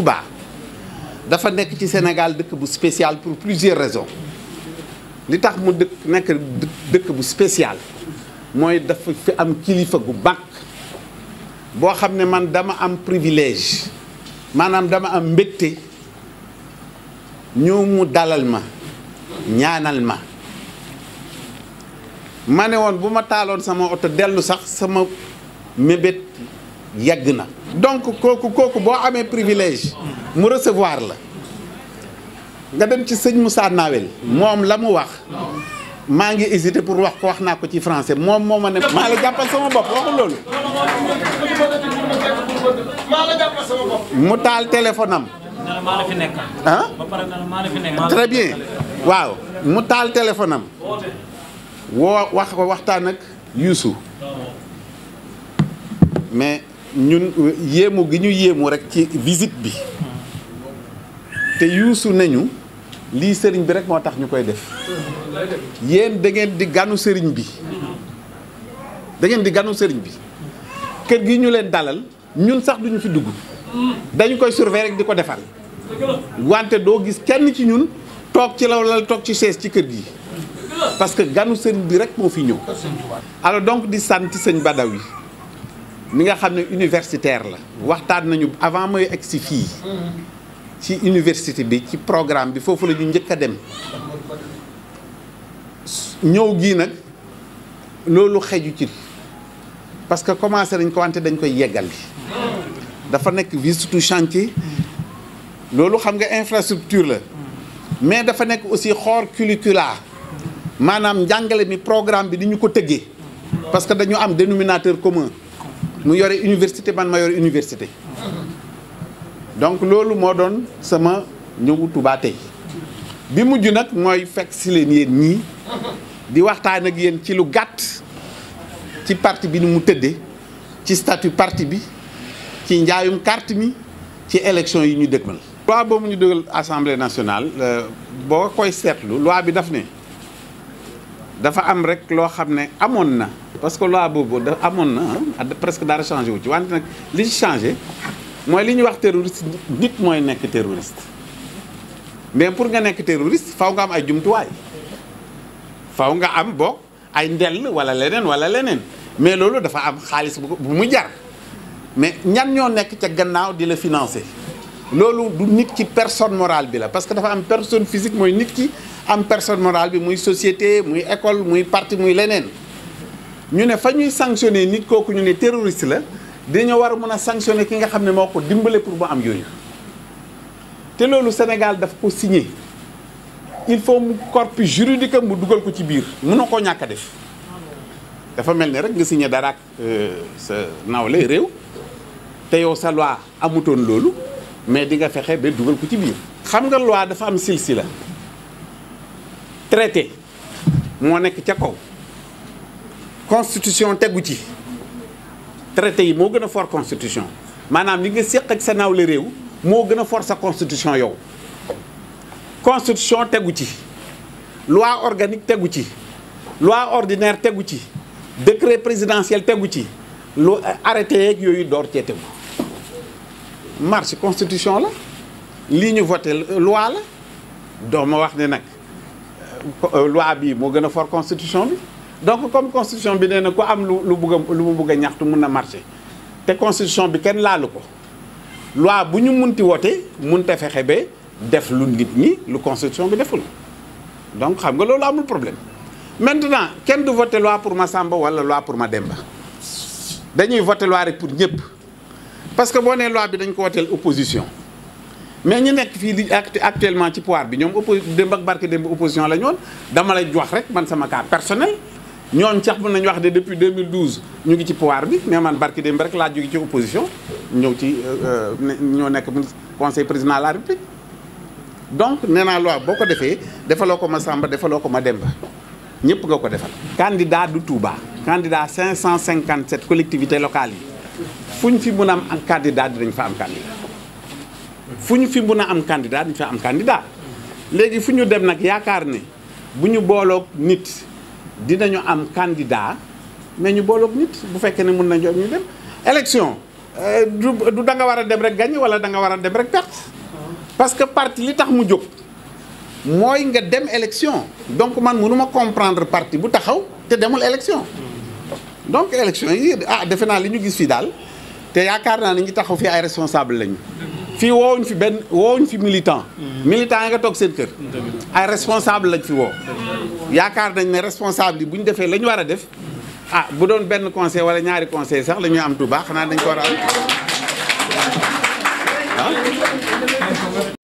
Touba dafa nekk ci Sénégal dëkk bu spécial pour plusieurs raisons li tax mu dëkk nekk dëkk bu spécial mooy dafa fi am kilifa gu mag boo xam ne man dama am privilège maanaam dama am mbégte ñëw mu dalal ma ñaanal ma ma ne woon bu ma taaloon sama oto dellu sax sama mébét yàgg na donc kooku kooku boo amee privilège mu recevoir la nga dem ci sëñ Moussa Nawel moom la mu wax maa ngi hésité pour wax ko wax naa ko ci français moom moo ma ne maa la jàppal sama bopp waxul loolu mu taal téléphone am ah très bien waaw mu taal téléphone am woo wax waxtaan ak Youssou mais ñun yéemu gi ñu yéemu rek ci visite bi te yuusu nañu lii sëriñ bi rek moo tax ñu koy def yéen dangeen di ganu sëriñ bi da di ganu sëriñ bi kër gi ñu leen dalal ñun sax duñu fi dugg dañu koy surveiller rek di ko defal wante doo gis kenn ci ñun toog ci law lal toog ci sees ci kër gi parce que ganu sëriñ bi rek moo fi ñëw alors donc di sant sëñ yi mi nga xam ne universitaire la waxtaan nañu avant mooy egg fii ci université bi ci programme bi foofu la ñu njëkk a dem ñëw gii nag loolu xeju ci parce que commencé nañ ko wante dañ koy yeggal li dafa nekk surtout chantier loolu xam nga infrastructure la mais dafa nekk aussi xoor curricula maanaam njàngale mi programme bi di ñu ko tëggee parce que dañu am dénominateur commun mu yore université ban ma yore université donc loolu moo doon sama ñëwu Touba tey bi mujj nag mooy fekk si leen yéen ñii di waxtaan ak yéen ci lu gàtt ci parti bi ni mu tëddee ci statut parti bi ci njaayum carte mi ci élection yi ñu dëgmal loi boobu ñu dëgal assemblée nationale euh, boo koy seetlu loi bi daf ne dafa am rek loo xam ne amoon na parce que loi boobu da amoon na ah, presque dara changé wu ci wante nag li ci changé mooy li ñuy wax terroriste nit mooy nekk terroriste mais pour nga nekk terroriste faw nga am ay jumtuwaay faw nga am boog ay ndell wala leneen wala leneen mais loolu dafa am xaalis bu mu jar mais ñan ñoo nekk ca gannaaw di la financer loolu du nit ki personne morale bi la parce que dafa am personne physique mooy nit ki am personne morale bi muy société muy école muy parti muy leneen ñu ne fa ñuy sanctionner nit kooku ñu ne terroriste la dañoo war a mën a sanctionner ki nga xam ne moo ko dimbale pour mu am yooyu te loolu Sénégal daf ko signé il faut mu corpus juridique mu dugal ko ci biir mënoo koo ñàkk def dafa mel ni rek nga signé dara ak euh, sa nawle réew te yow sa loi amutoon loolu. mais di nga fexe ba dugal ko ci biir. xam nga loi dafa am la traité moo nekk ca kaw constitution tegu ci traité yi moo gën a fort constitution maanaam li nga séq ak sa nawle réew moo gën a fort sa constitution yow constitution tegu ci loi organique tegu ci loi ordinaire tegu ci décret présidentiel tegu ci lu arrêté yeeg yooyu door cee tegu. marche constitution la lii ñu voté loi la doo ma wax ne nag euh, loi bii moo gën a for constitution bi donc comme constitution bi nee na ku am lu lu bugg a mu bugg a ñaxtu mun na marché te constitution bi kenn laalu ko loi bu ñu munti wote munte fexe ba def lu nit ñi lu constitution bi deful donc xam nga loolu amul problème maintenant kenn du voté loi pour Massamba wala loi pour Mademba dañuy voté loi rek pour ñëpp parce que boo nee loi bi dañ ko woteel opposition mais ñu nekk fii di actuellement ci pouvoir bi ñoom oppo démb ak barke démb opposition la ñoon dama lay wax rek man sama cas personnel ñoon sax mën nañu wax de depuis 2012 ñu ngi ci pouvoir bi mais man barke démb rek laa jóge ci opposition ñëw ci euh, euh, ñoo nekk conseil président de la république donc nee naa loi boo ko defee defaloo ko ma Samba defaloo ko ma Demba ñëpp nga ko defal. candidat du Touba. candidat 557 collectivités locales yi. fu ñu fi mun a am am candidat dinañ fa am candidat fu ñu fi mun a am candidat dañ fa am candidat léegi fu ñu dem nag yaakaar ne bu ñu booloog nit dinañu am candidat mais ñu booloog nit bu fekkee ne mun nañu ñu dem élection euh, du da nga war a dem rek gagné wala da nga war a dem rek perte parce que parti li tax mu jóg mooy nga dem élection donc man mënuma comprendre parti bu taxaw te demul élection donc élection yi ah defe naa li ñu gis fii daal te yaakaar naa ne ñu taxaw fii ay responsable lañu. fii woowuñ fi benn woowuñ fi militant. militant yi nga toog seen kër. ay responsable lañ fi woo. yaakaar nañ ne responsable yi bu ñu defee la ñu war a def ah bu doon benn conseil wala ñaari conseil sax la ñuy am Touba xanaa dañ ko war a am